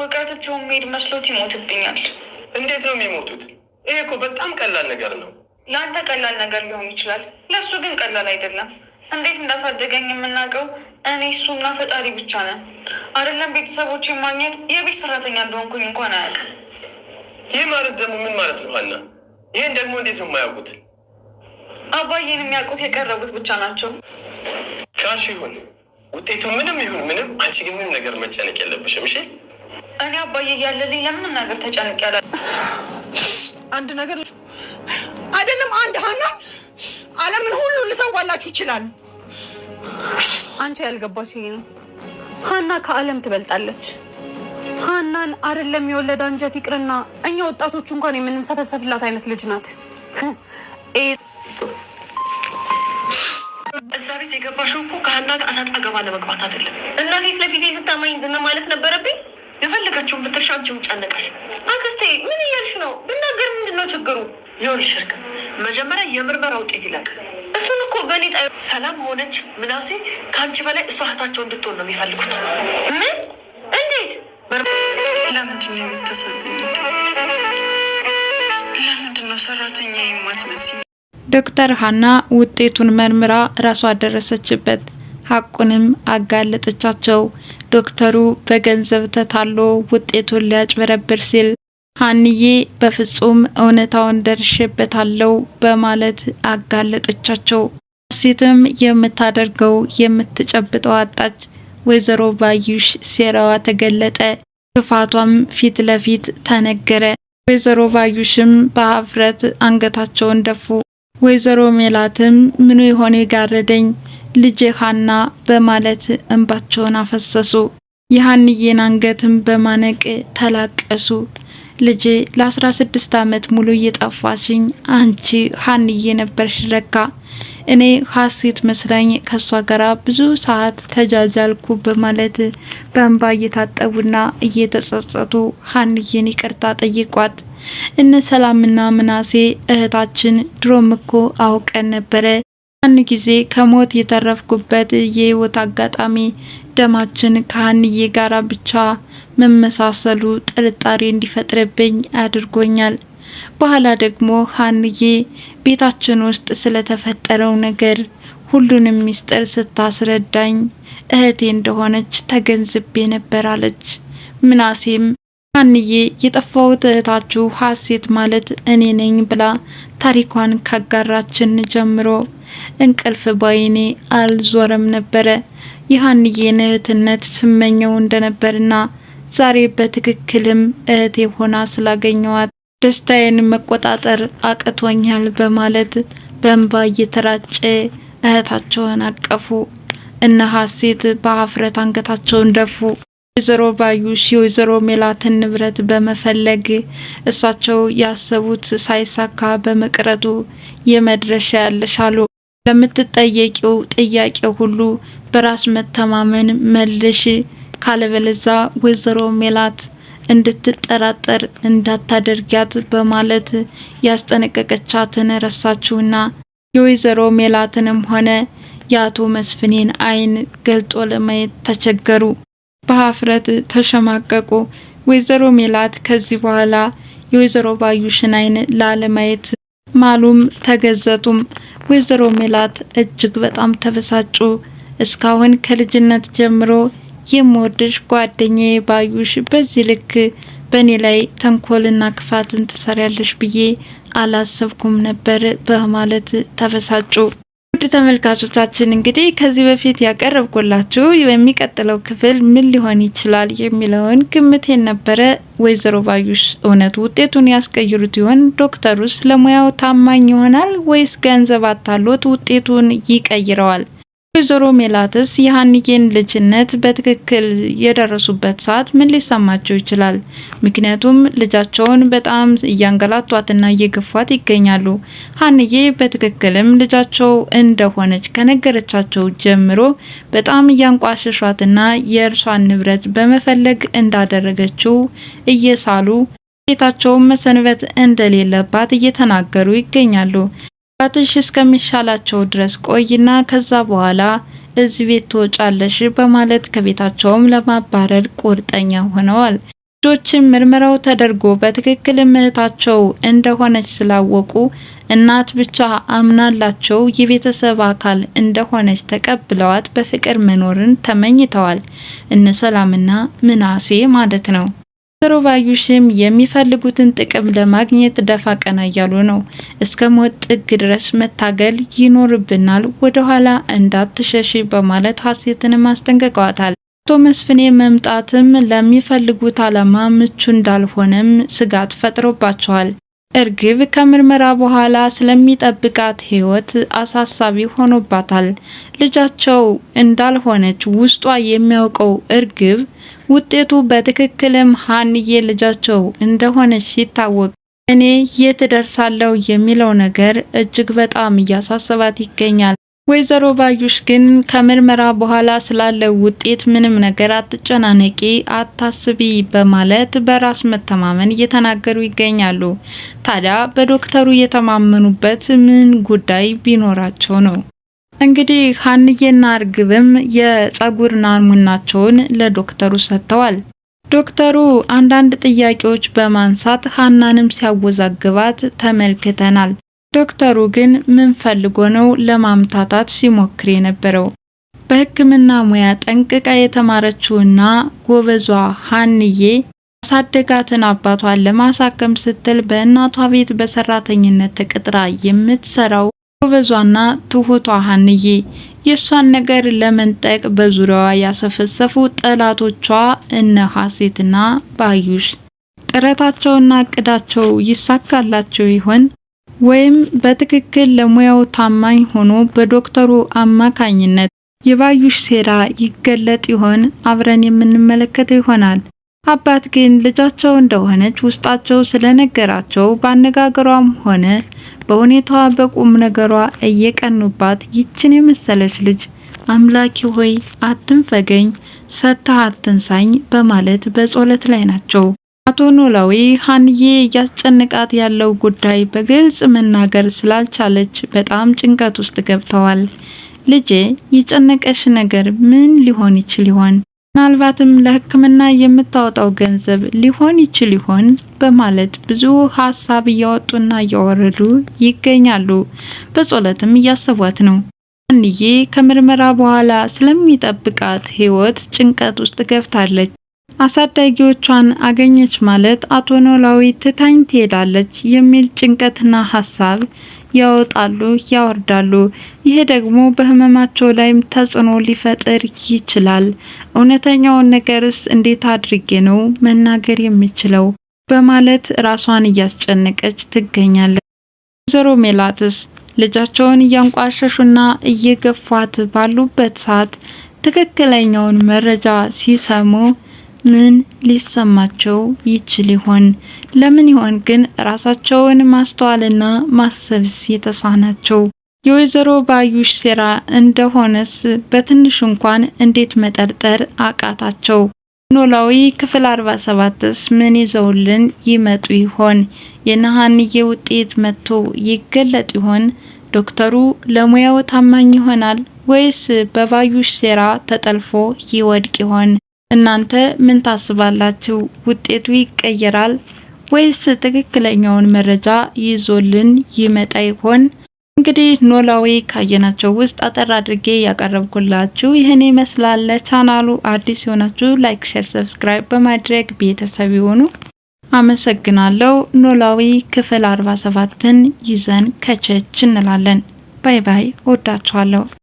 ወጋቶቸው የሚሄድ መስሎት ይሞትብኛል። እንዴት ነው የሚሞቱት? ይሄ እኮ በጣም ቀላል ነገር ነው። ለአንተ ቀላል ነገር ሊሆን ይችላል፣ ለእሱ ግን ቀላል አይደለም። እንዴት እንዳሳደገኝ የምናውቀው እኔ እሱና ፈጣሪ ብቻ ነን። አይደለም ቤተሰቦች ማግኘት የቤት ሰራተኛ እንደሆንኩኝ እንኳን አያውቅም። ይህ ማለት ደግሞ ምን ማለት ነው ሀና? ይህን ደግሞ እንዴት ነው የማያውቁት? አባዬን የሚያውቁት የቀረቡት ብቻ ናቸው። ካልሽ ይሁን ውጤቱ ምንም ይሁን ምንም፣ አንቺ ግን ምንም ነገር መጨነቅ የለብሽም እሺ። እኔ አባዬ እያለልኝ ለምንም ነገር ተጨንቅ ያለ አንድ ነገር አይደለም። አንድ ሀና አለምን ሁሉ ልሰዋላችሁ ይችላል። አንቺ ያልገባ ሲሄ ነው። ሀና ከአለም ትበልጣለች። ሀናን አይደለም የወለደ አንጀት ይቅርና እኛ ወጣቶቹ እንኳን የምንሰፈሰፍላት አይነት ልጅ ናት። እዛ ቤት የገባሽው እኮ ከሀና ጋር ገባ ለመግባት አይደለም እና ፊት ለፊቴ ስታማኝ ዝም ማለት ነበረብኝ። የፈለጋቸውን ብትርሻ አንቺ ጨነቀሽ። አክስቴ ምን እያልሽ ነው? ብናገር ምንድነው ችግሩ? ይኸውልሽ እርግብ፣ መጀመሪያ የምርመራ ውጤት ይላል። እሱን እኮ በእኔ ጣ ሰላም ሆነች ምናሴ ከአንቺ በላይ እሷ እህታቸው እንድትሆን ነው የሚፈልጉት። ምን? እንዴት? የምታሳዝኝ? ሰራተኛ ዶክተር ሀና ውጤቱን መርምራ ራሷ ደረሰችበት። ሀቁንም አጋለጠቻቸው። ዶክተሩ በገንዘብ ተታሎ ውጤቱን ሊያጭበረብር ሲል ሀንዬ በፍጹም እውነታውን ደርሼበታለሁ በማለት አጋለጠቻቸው። ሴትም የምታደርገው የምትጨብጠው አጣች። ወይዘሮ ባዩሽ ሴራዋ ተገለጠ፣ ክፋቷም ፊት ለፊት ተነገረ። ወይዘሮ ባዩሽም በሀፍረት አንገታቸውን ደፉ። ወይዘሮ ሜላትም ምኑ የሆነ ጋረደኝ ልጄ ሀና በማለት እንባቸውን አፈሰሱ። የሀንዬን አንገትም በማነቅ ተላቀሱ። ልጄ ለ16 ዓመት ሙሉ እየጠፋሽኝ አንቺ ሀንዬ ነበርሽ ለካ። እኔ ሀሴት መስለኝ ከእሷ ጋራ ብዙ ሰዓት ተጃጃልኩ በማለት በእንባ እየታጠቡና እየተጸጸቱ ሀንዬን ይቅርታ ጠይቋት። እነ ሰላምና ምናሴ እህታችን ድሮም እኮ አውቀን ነበረ ያን ጊዜ ከሞት የተረፍኩበት የህይወት አጋጣሚ ደማችን ከሀንዬ ጋራ ብቻ መመሳሰሉ ጥርጣሬ እንዲፈጥርብኝ አድርጎኛል። በኋላ ደግሞ ሀንዬ ቤታችን ውስጥ ስለተፈጠረው ነገር ሁሉንም ሚስጥር ስታስረዳኝ እህቴ እንደሆነች ተገንዝቤ ነበር አለች። ምናሴም ሀንዬ የጠፋሁት እህታችሁ ሀሴት ማለት እኔ ነኝ ብላ ታሪኳን ካጋራችን ጀምሮ እንቅልፍ ባይኔ አልዞረም ነበረ። የሀንዬን እህትነት ስመኘው እንደነበርና ዛሬ በትክክልም እህቴ ሆና ስላገኘዋት ደስታዬን መቆጣጠር አቅቶኛል በማለት በእንባ እየተራጨ እህታቸውን አቀፉ። እነ ሀሴት በሀፍረት አንገታቸውን ደፉ። ወይዘሮ ባዩሽ የወይዘሮ ሜላትን ንብረት በመፈለግ እሳቸው ያሰቡት ሳይሳካ በመቅረቱ የመድረሻ ያለሻሉ ለምትጠየቂው ጥያቄ ሁሉ በራስ መተማመን መልሽ፣ ካለበለዛ ወይዘሮ ሜላት እንድትጠራጠር እንዳታደርጊያት በማለት ያስጠነቀቀቻትን ረሳችውና የወይዘሮ ሜላትንም ሆነ የአቶ መስፍኔን አይን ገልጦ ለማየት ተቸገሩ። በሀፍረት ተሸማቀቁ። ወይዘሮ ሜላት ከዚህ በኋላ የወይዘሮ ባዩሽን አይን ላለማየት ማሉም ተገዘቱም። ወይዘሮ ሜላት እጅግ በጣም ተበሳጩ። እስካሁን ከልጅነት ጀምሮ የምወድሽ ጓደኛዬ ባዩሽ በዚህ ልክ በእኔ ላይ ተንኮልና ክፋትን ትሰሪያለሽ ብዬ አላሰብኩም ነበር በማለት ተበሳጩ። ውድ ተመልካቾቻችን እንግዲህ ከዚህ በፊት ያቀረብኩላችሁ በሚቀጥለው ክፍል ምን ሊሆን ይችላል የሚለውን ግምቴን ነበረ። ወይዘሮ ባዩሽ እውነት ውጤቱን ያስቀይሩት ይሆን? ዶክተሩስ ለሙያው ታማኝ ይሆናል ወይስ ገንዘብ አታሎት ውጤቱን ይቀይረዋል? ወይዘሮ ሜላትስ የሀንዬን ልጅነት በትክክል የደረሱበት ሰዓት ምን ሊሰማቸው ይችላል? ምክንያቱም ልጃቸውን በጣም እያንገላቷትና እየገፏት ይገኛሉ። ሀንዬ በትክክልም ልጃቸው እንደሆነች ከነገረቻቸው ጀምሮ በጣም እያንቋሸሿትና የእርሷን ንብረት በመፈለግ እንዳደረገችው እየሳሉ ቤታቸውን መሰንበት እንደሌለባት እየተናገሩ ይገኛሉ። አባትሽ እስከሚሻላቸው ድረስ ቆይና ከዛ በኋላ እዚህ ቤት ትወጫለሽ በማለት ከቤታቸውም ለማባረር ቁርጠኛ ሆነዋል። ልጆችን ምርመራው ተደርጎ በትክክል እህታቸው እንደሆነች ስላወቁ እናት ብቻ አምናላቸው የቤተሰብ አካል እንደሆነች ተቀብለዋት በፍቅር መኖርን ተመኝተዋል። እነ ሰላምና ምናሴ ማለት ነው። ወይዘሮ ባዩሽም የሚፈልጉትን ጥቅም ለማግኘት ደፋ ቀና እያሉ ነው። እስከ ሞት ጥግ ድረስ መታገል ይኖርብናል፣ ወደኋላ እንዳትሸሺ በማለት ሀሴትንም አስጠንቅቀዋታል። አቶ መስፍኔ መምጣትም ለሚፈልጉት ዓላማ ምቹ እንዳልሆነም ስጋት ፈጥሮባቸዋል። እርግብ ከምርመራ በኋላ ስለሚጠብቃት ህይወት አሳሳቢ ሆኖባታል። ልጃቸው እንዳልሆነች ውስጧ የሚያውቀው እርግብ ውጤቱ በትክክልም ሀንዬ ልጃቸው እንደሆነች ሲታወቅ እኔ የት ደርሳለሁ የሚለው ነገር እጅግ በጣም እያሳሰባት ይገኛል። ወይዘሮ ባዩሽ ግን ከምርመራ በኋላ ስላለው ውጤት ምንም ነገር አትጨናነቂ፣ አታስቢ በማለት በራስ መተማመን እየተናገሩ ይገኛሉ። ታዲያ በዶክተሩ የተማመኑበት ምን ጉዳይ ቢኖራቸው ነው? እንግዲህ ሀንዬና እርግብም የጸጉር ናሙናቸውን ለዶክተሩ ሰጥተዋል። ዶክተሩ አንዳንድ ጥያቄዎች በማንሳት ሀናንም ሲያወዛግባት ተመልክተናል። ዶክተሩ ግን ምን ፈልጎ ነው ለማምታታት ሲሞክር የነበረው? በሕክምና ሙያ ጠንቅቃ የተማረችውና ጎበዟ ሀንዬ ያሳደጋትን አባቷን ለማሳከም ስትል በእናቷ ቤት በሰራተኝነት ተቀጥራ የምትሰራው ጎበዟና ትሁቷ ሀንዬ የእሷን ነገር ለመንጠቅ በዙሪያዋ ያሰፈሰፉ ጠላቶቿ እነ ሀሴትና ባዩሽ ጥረታቸውና እቅዳቸው ይሳካላቸው ይሆን? ወይም በትክክል ለሙያው ታማኝ ሆኖ በዶክተሩ አማካኝነት የባዩሽ ሴራ ይገለጥ ይሆን? አብረን የምንመለከተው ይሆናል። አባት ግን ልጃቸው እንደሆነች ውስጣቸው ስለነገራቸው በአነጋገሯም ሆነ በሁኔታዋ በቁም ነገሯ እየቀኑባት ይችን የመሰለች ልጅ አምላኪ ሆይ አትንፈገኝ፣ ሰጥተህ አትንሳኝ በማለት በጸሎት ላይ ናቸው። አቶ ኖላዊ ሀንዬ እያስጨንቃት ያለው ጉዳይ በግልጽ መናገር ስላልቻለች በጣም ጭንቀት ውስጥ ገብተዋል። ልጄ የጨነቀሽ ነገር ምን ሊሆን ይችል ይሆን? ምናልባትም ለሕክምና የምታወጣው ገንዘብ ሊሆን ይችል ይሆን በማለት ብዙ ሀሳብ እያወጡና እያወረዱ ይገኛሉ። በጸሎትም እያሰቧት ነው። አንዬ ከምርመራ በኋላ ስለሚጠብቃት ሕይወት ጭንቀት ውስጥ ገብታለች። አሳዳጊዎቿን አገኘች ማለት አቶ ኖላዊ ትታኝ ትሄዳለች የሚል ጭንቀትና ሀሳብ ያወጣሉ ያወርዳሉ። ይሄ ደግሞ በህመማቸው ላይም ተጽዕኖ ሊፈጥር ይችላል። እውነተኛውን ነገርስ እንዴት አድርጌ ነው መናገር የሚችለው በማለት ራሷን እያስጨነቀች ትገኛለች። ወይዘሮ ሜላትስ ልጃቸውን እያንቋሸሹና እየገፏት ባሉበት ሰዓት ትክክለኛውን መረጃ ሲሰሙ ምን ሊሰማቸው ይችል ይሆን? ለምን ይሆን ግን ራሳቸውን ማስተዋልና ማሰብስ የተሳናቸው? የወይዘሮ ባዩሽ ሴራ እንደሆነስ በትንሽ እንኳን እንዴት መጠርጠር አቃታቸው? ኖላዊ ክፍል 47ስ ምን ይዘውልን ይመጡ ይሆን? የነሐንዬ ውጤት መጥቶ ይገለጥ ይሆን? ዶክተሩ ለሙያው ታማኝ ይሆናል ወይስ በባዩሽ ሴራ ተጠልፎ ይወድቅ ይሆን? እናንተ ምን ታስባላችሁ? ውጤቱ ይቀየራል ወይስ ትክክለኛውን መረጃ ይዞልን ይመጣ ይሆን? እንግዲህ ኖላዊ ካየናቸው ውስጥ አጠር አድርጌ ያቀረብኩላችሁ ይህን ይመስላል። ለቻናሉ አዲስ የሆናችሁ ላይክ፣ ሼር፣ ሰብስክራይብ በማድረግ ቤተሰብ ሆኑ አመሰግናለሁ። ኖላዊ ክፍል 47ን ይዘን ከቸች እንላለን። ባይ ባይ። ወዳችኋለሁ።